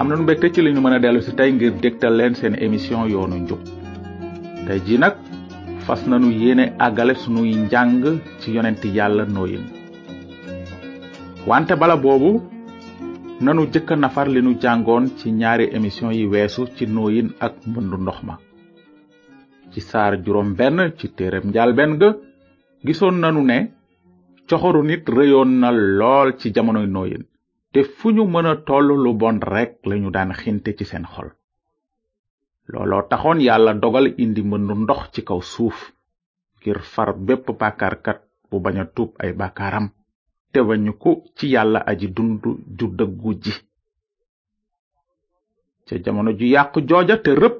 amna nu mbégte ci liñu mëna délu ci tay ngir déktal leen seen émission yoonu njub tay ji nak fas nañu yéné agalé suñu njàng ci yonenti yalla noyin wante bala bobu nañu jëk nafar li nu jàngoon ci ñaari émission yi wésu ci noyin ak mbëndu ndoxma ci saar juróom benn ci téereem njaal benn ga gisoon nanu ne coxoru nit rëyoon na lool ci jamonoy noyin te fu ñu mën a toll lu bon rekk lañu daan xinte ci seen xol looloo taxoon yàlla dogal indi mëndu ndox ci kaw suuf ngir far bépp bàkkaarkat bu bañ a tuub ay bàkkaaram te wañu ko ci yàlla aji dund ju dëggu ji ca jamono ju yàqu jooja te rëpp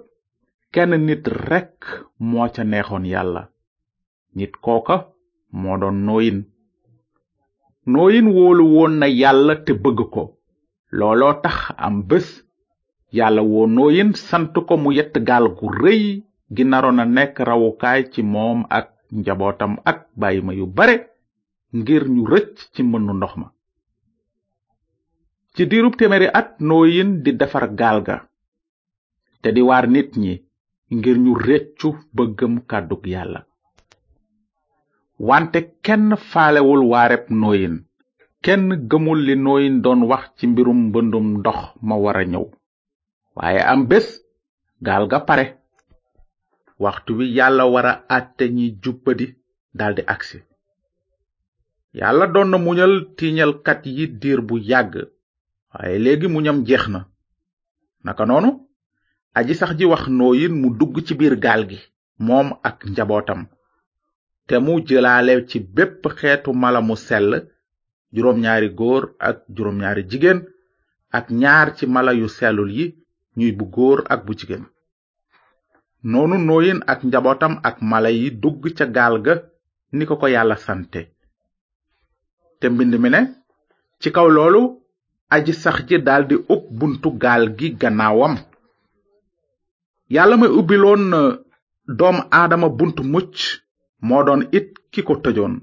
kenn nit rekk moo ca neexoon yàlla nit kooka moo doon nooyin nooyin wóolu woon na yàlla te bëgg ko looloo tax am bés yàlla woo nooyin sant ko mu yett gaal gu rëy gi naroon a nekk rawukaay ci moom ak njabootam ak bàyyi ma yu bare ngir ñu rëcc ci mënu ndox ma ci diirub téeméeri at nooyin di defar gaal ga te di waar nit ñi ngir ñu réccu bëggam kàddug yàlla wante kenn faalewul waareb nooyin kenn gëmul li nooyin doon wax ci mbirum mbëndum ndox ma wara ñëw waaye am bés gaal ga pare waxtu wi yàlla wara àtte ñi jubbadi daldi agsi yàlla doon na muñal tiiñalkat yi diir bu yàgg waaye léegi muñam jeex na naka noonu aji sax ji wax nooyin mu dugg ci biir gaal gi moom ak njabootam te mu jëlaale ci bépp xeetu mala mu sell juróom ñaari góor ak juróom ñaari jigéen ak ñaar ci mala yu sellul yi ñuy bu góor ak bu jigéen noonu nooyin ak njabootam ak mala yi dugg ca gaal ga ni ko ko yàlla sante te mbind mi ne ci kaw loolu aji sax ji daldi ub buntu gaal gi gannaawam yàlla may ubbiloon euh, doom aadama buntu mucc moo doon it ki ko tëjoon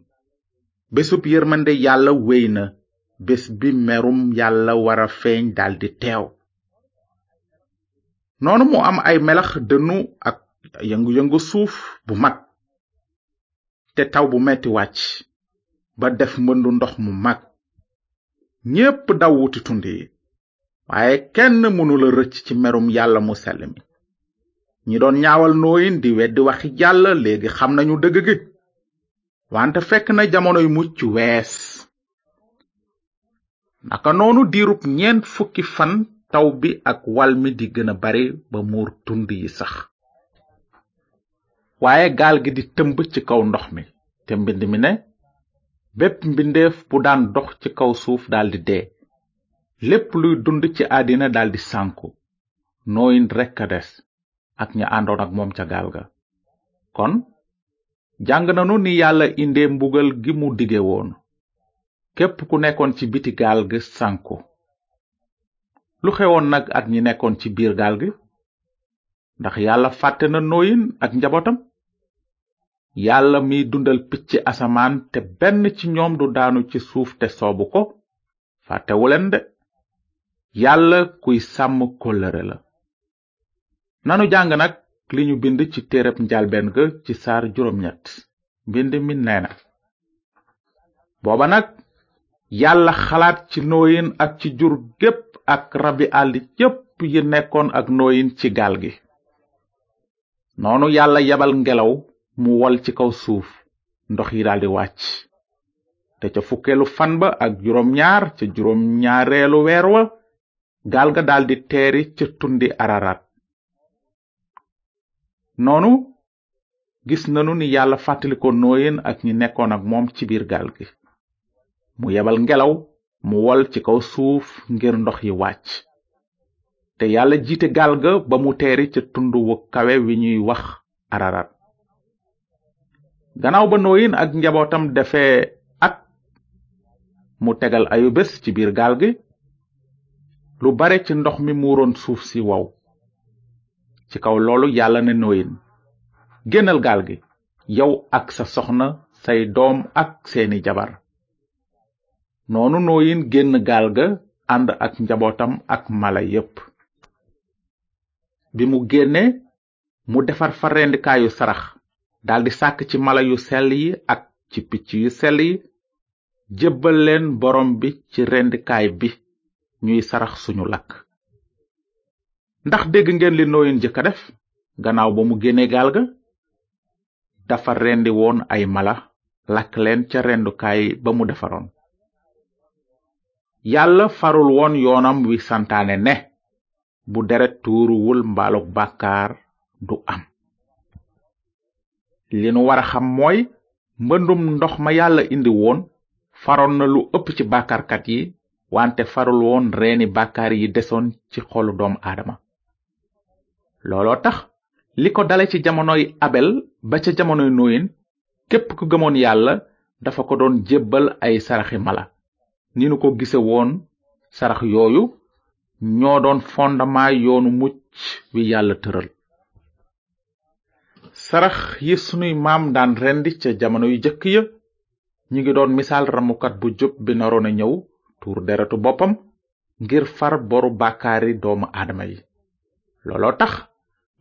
bésu yërmande yàlla wéy na bés bi merum yàlla wara feeñ daldi teew noonu mu am ay melax dënnu ak yëngu-yëngu suuf bu mag te taw bu metti wàcc ba def mbëndu ndox mu mag ñépp daw wuti tund yi waaye kenn mënula rëcc ci merum yàlla mu sell mi ñi doon ñaawal nooyin di weddi waxi jàll léegi xam nañu dëgg gi wante fekk na jamonoy mucc wees naka noonu diirub ñeent fukki fan taw bi ak wal mi di gën a bari ba muur tund yi sax waaye gaal gi di tëmb ci kaw ndox mi te mbind mi ne bépp mbindeef bu daan dox ci kaw suuf daldi dee lépp luy dund ci àddina daldi sànku nooyin rekk a des ak ña àndoon ak moom ca gaal ga kon jàng na nu ni yàlla indee mbugal gi mu dige woon képp ku nekkoon ci biti gaal gi sanku lu xewoon nag ak ñi nekkoon ci biir gaal gi ndax yàlla fàtte na nooyin ak njabootam yàlla mi dundal picc asamaan te benn ci ñoom du daanu ci suuf te soobu ko fàttewuleen de yàlla kuy sàmm kóllëre la nanu jàng nag li ñu bind ci téereb njalbeen ga ci saar juróom ñett mbind mi nee booba nag yàlla xalaat ci nooyin ak ci jur gépp ak rabi àll yépp yi nekkoon ak nooyin ci gaal gi noonu yàlla yabal ngelaw mu wol ci kaw suuf ndox yi daldi wàcc te ca fukkeelu fan ba ak juróom ñaar ca juróom ñaareelu weer wa gaal ga daldi teeri ca tundi ararat noonu gis nanu ni yàlla fàttali ko ak ñi nekkoon ak moom ci biir gaal gi mu yebal ngelaw mu wol ci kaw suuf ngir ndox yi wàcc te yàlla jiite gaal ga ba mu teeri ca tund wu kawe wi ñuy wax ararat gannaaw ba nooyin ak njabootam defee at mu tegal ayu bés ci biir gaal gi lu bare ci ndox mi muuroon suuf si wow ci kaw loolu yàlla ne nooyin génnal gaal gi yow ak sa soxna say doom ak seeni jabar noonu nooyin génn gaal ga ànd ak njabootam ak mala yépp bi mu génnee mu defar fa rendikaayu sarax daldi sàkk ci mala yu sell yi ak ci picc yu sell yi jébbal leen borom bi ci rendikaay bi ñuy sarax suñu lakk ndax dégg ngeen li nooyin jëkka def gannaaw ba mu génne gaal ga dafa rendi woon ay mala lakk leen ca rendukaay ba mu defaroon yàlla farul woon yoonam wi santaane ne bu deret tuuruwul mbaalug bàkkaar du am li nu war a xam mooy mbëndum ndox ma yàlla indi woon faroon na lu ëpp ci bàkkaarkat yi wante farul woon reeni bàkkaar yi desoon ci xolu doom aadama looloo tax li ko dale ci jamonoy abel ba ca jamonoy nóoyin képp ku gëmoon yàlla dafa ko doon jébbal ay saraxi mala ni nu ko gise woon sarax yooyu ñoo doon fondement yoonu mucc wi yàlla tëral sarax yi sunuy maam daan rend ca jamono yu jëkk ya ñu ngi doon misaal ramukat bu jub bi naroon a ñëw tuur deretu boppam ngir far boru bàkkaari doomu aadama yi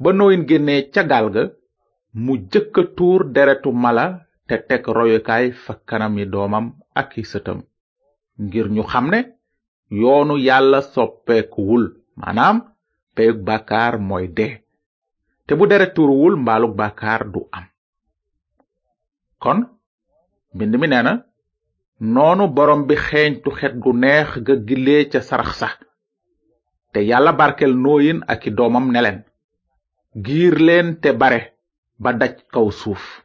ba nooyin génnee ca gaal ga mu jëkk tuur deretu mala te teg royukaay fa kanami doomam ak i sëtam ngir ñu xam ne yoonu yàlla soppeekuwul maanaam peyug bàkkaar mooy dee te bu deret tuuruwul mbaalug bàkkaar du am kon mbind mi nee na noonu borom bi xeeñtu xet gu neex ga gilee ca sarax sa te yàlla barkel nooyin ak i doomam ne giir leen te bare ba daj kaw suuf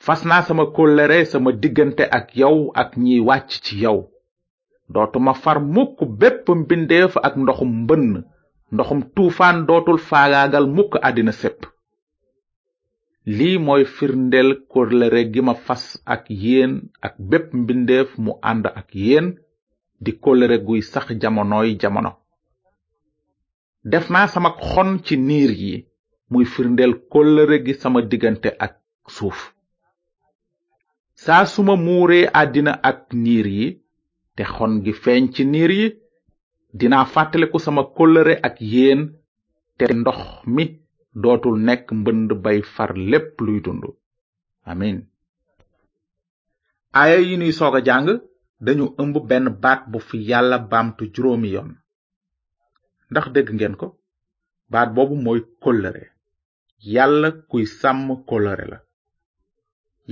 fas naa sama kóllëre sama diggante ak yow ak ñiy wàcc ci yow dootuma far mukk bépp mbindeef ak ndoxum mbënn ndoxum tuufaan dootul faagaagal mukk àddina sépp lii mooy firndeel kóllëre gi ma fas ak yéen ak bépp mbindeef mu ànd ak yéen di kóllëre guy sax jamonooy jamono def naa sama xon ci niir yi muy firndeel kóllëre gi sama diggante ak suuf saa suma muuree àddina ak niir yi te xon gi feeñ ci niir yi dinaa fàttaliku sama kóllëre ak yéen te ndox mi dootul nekk mbënd bay far lépp luy dund amin aaya yi nuy soog a jàng dañu ëmb benn baat bu fi yàlla baamtu juróomi yoon ndax dégg ngeen ko baat boobu mooy kóllëre yàlla kuy sàmm kóllëre la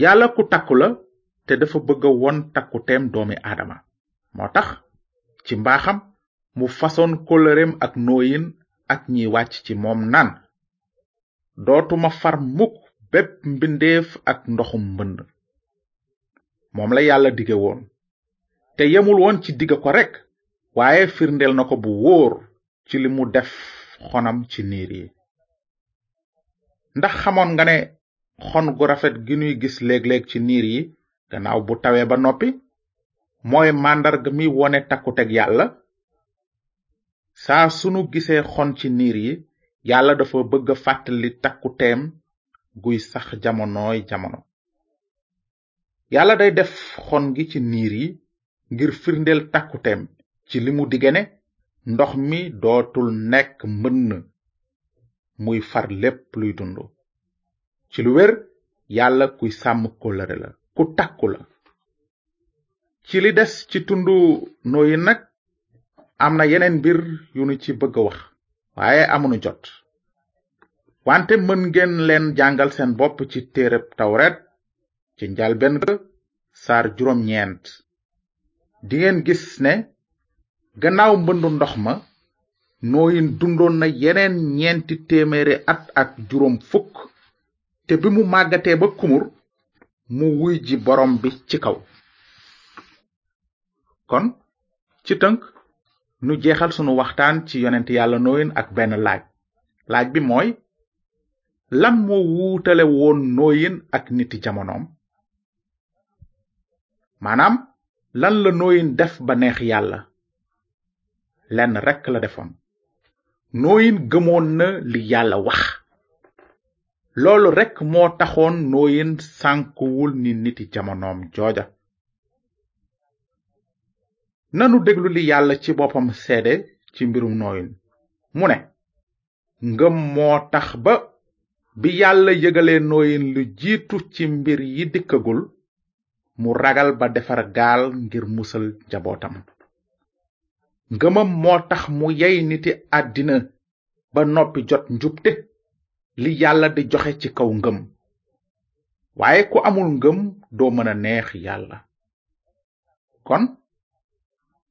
yàlla ku takku la te dafa bëgg woon won takkuteem doomi aadama moo tax ci mbaaxam mu fasoon kóllëreem ak nooyin ak ñiy wàcc ci moom naan dootuma far mukk bépp mbindeef ak ndoxum mbënd moom la yàlla dige woon te yemul woon ci digga ko rekk waaye firndeel na ko bu wóor ci limu def xonam ci niir yi ndax xamoon nga ne xon gu rafet gi nuy gis léeg-léeg ci niir yi gannaaw bu tawee ba noppi mooy màndarga mi wone takkuteg yàlla saa sunu gisee xon ci niir yi yàlla dafa bëgg a fàttali takkuteem guy sax jamonooy jamono yàlla day def xon gi ci niir yi ngir firndeel takkuteem ci limu mu diggane ndox mi dootul nekk na muy far lépp luy dund ci lu wér yàlla kuy sàmm kóllëre la ku takku la ci li des ci tundu nooyi nag am na yeneen mbir yu nu ci bëgg a wax waaye amunu jot wante mën ngeen leen jàngal seen bopp ci téereb tawret ci njalben ga saar juróom ñeent dingeen gis ne gannaaw mbëndu ndox ma nooyin dundoon na yeneen ñeenti téeméeri at ak juróom fukk te bi mu màggatee ba kumur mu wuy ji boroom bi ci kaw kon ci tënk nu jeexal sunu waxtaan ci yonent yàlla nooyin ak benn laaj laaj bi mooy lan moo wuutale woon nooyin ak niti jamonoom maanaam lan la nooyin def ba neex yàlla lenn rekk la defoon nooyin gëmoon na li yàlla wax loolu rekk moo taxoon nooyin sànkuwul ni niti jamonoom jooja nanu déglu li yàlla ci boppam seede ci mbirum nooyin mu ne ngëm moo tax ba bi yàlla yëgalee nooyin lu jiitu ci mbir yi dikkagul mu ragal ba defar gaal ngir musal njabootam ngëmam moo tax mu yey niti àddina ba noppi jot njubte li yàlla di joxe ci kaw ngëm waaye ku amul ngëm doo mën a neex yàlla kon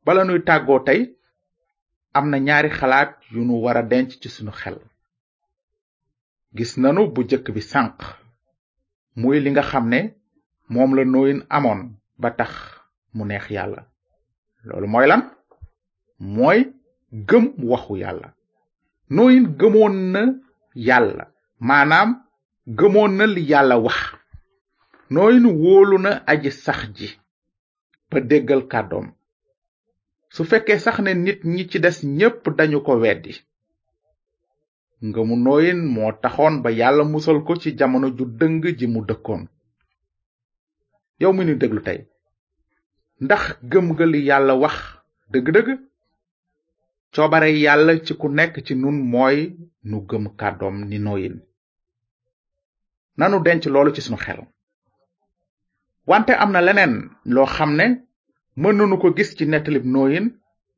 bala nuy tàggoo tey am na ñaari xalaat yu nu war a denc ci sunu xel gis nanu bu jëkk bi sànq muy li nga xam ne moom la nooyin amoon ba tax mu neex yàlla loolu mooy lan mooy gëm waxu yàlla nooyin gëmoon na yàlla maanaam gëmoon na li yàlla wax nooyin wóolu na aji sax ji ba déggal kàddoom su fekkee sax ne nit ñi ci des ñépp dañu ko weddi ngëmu nooyin moo taxoon ba yàlla musal ko ci jamono ju dëng ji mu dëkkoon yow mi nu déglu tey ndax gëm nga li yàlla wax dëgg-dëgg coobare yàlla ci ku nekk ci nun mooy nu gëm kàddoom ni noyin nanu denc loolu ci sunu xel wante am na leneen loo xam ne mën nanu ko gis ci nettalib nooyin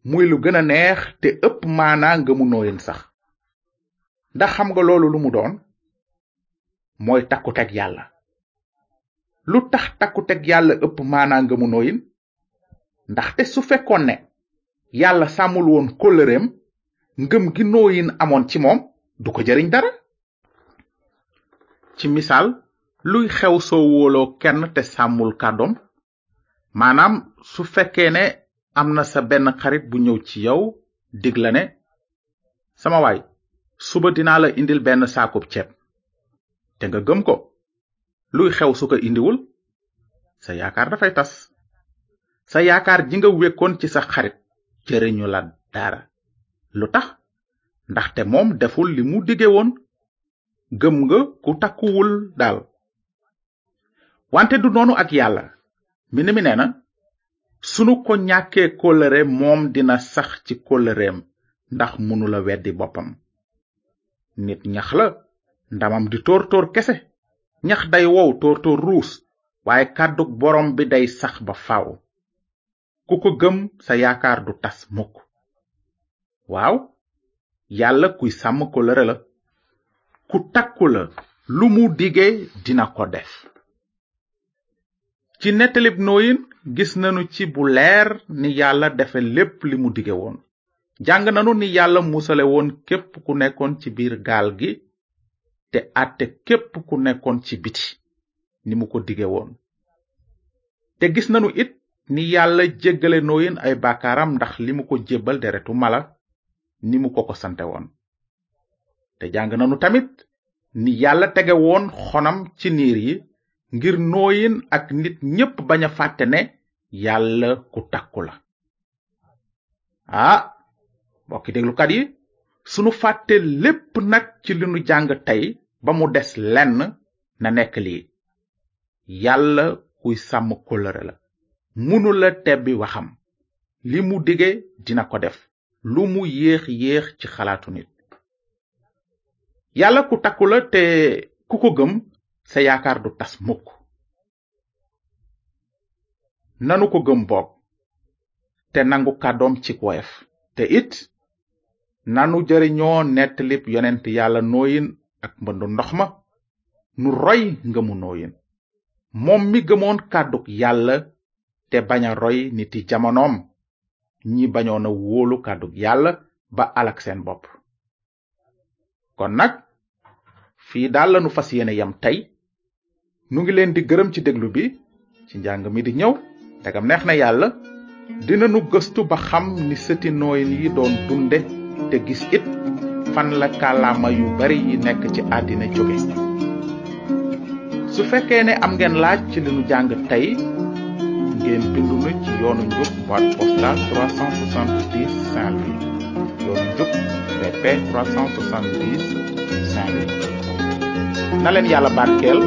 muy lu gën a neex te ëpp maanaa ngëmu nooyin sax ndax xam nga loolu lu mu doon mooy teg yàlla lu tax takku teg yàlla ëpp maanaa ngëmu nooyin ndaxte su fekkoon yàlla sàmmul woon kóllëreem ngëm gi nooyin amoon ci moom du ko jariñ dara ci misaal luy xew soo wóoloo kenn te sàmmul kàddoom maanaam su fekkee ne am na sa benn xarit bu ñëw ci yow dig ne sama waay suba dinaa la indil benn saakub ceeb te nga gëm ko luy xew su ko indiwul sa yaakaar dafay tas sa yaakaar ji nga wékkoon ci sax xarit cere ñu la dara lu tax ndaxte moom deful li mu dige woon gëm nga ku takkuwul daal wante du noonu ak yàlla mbind mi nee na sunu ko ñàkkee kóllëre moom dina sax ci kóllëreem ndax mënula weddi boppam nit ñax la ndamam di tóor tóor kese ñax day wow tóor tóor ruus waaye kàddug boroom bi day sax ba faw ku ko gëm sa yaakaar du tas mukk waaw yàlla kuy sàmm kóllëre la ku takku la lu mu digee dina ko def ci nettalib nooyin gis nanu ci bu leer ni yàlla defe lépp li mu dige woon jàng nanu ni yàlla musale woon képp ku nekkoon ci biir gaal gi te àtte képp ku nekkoon ci biti ni mu ko dige woon te gis nanu it ni yàlla jéggale nooyin ay bàkkaaram ndax limu ko jébbal deretu mala ni mu ko woon te jàng nanu tamit ni yàlla tege woon xonam ci niir yi ngir nooyin ak nit ñépp bañ a fàtte ne yàlla ku takku la ah mbokki déglukat yi sunu fàtte lépp nag ci li jàng tey ba mu des lenn na nekk lii yàlla kuy sàmm kóllëre la mënula tebbi waxam li mu dige dina ko def lu mu yéex yéex ci xalaatu nit yàlla ku takkula te ku ko gëm sa yaakaar du tas mukk nanu ko gëm boog te nangu kàddoom ci woyef te it nanu jariñoo nettalib yonent yàlla nooyin ak mbëndu ndox ma nu roy ngëmu nooyin moom mi gëmoon kàddug yàlla te bañ a roy niti jamonoom ñi bañoon a wóolu kàddu yàlla ba alak seen bopp kon nag fii daal lanu fas yéene yam tey nu ngi leen di gërëm ci déglu bi ci njàng mi di ñëw ndegam neex na yàlla dinanu gëstu ba xam ni sëti nooyin yi doon dunde te gis it fan la kàllaama yu bari yi nekk ci àddina jóge su fekkee ne am ngeen laaj ci li nu jàng tey ngeen bindu nu ci yoonu njub boîte postale 370 yoonu njub BP 370 Saint-Louis na yàlla barkeel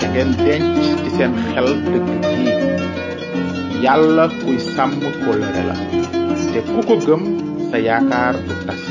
te ngeen denc ci seen xel dëgg ji yàlla kuy sàmm kóllëre la te ku ko gëm sa yaakaar du tas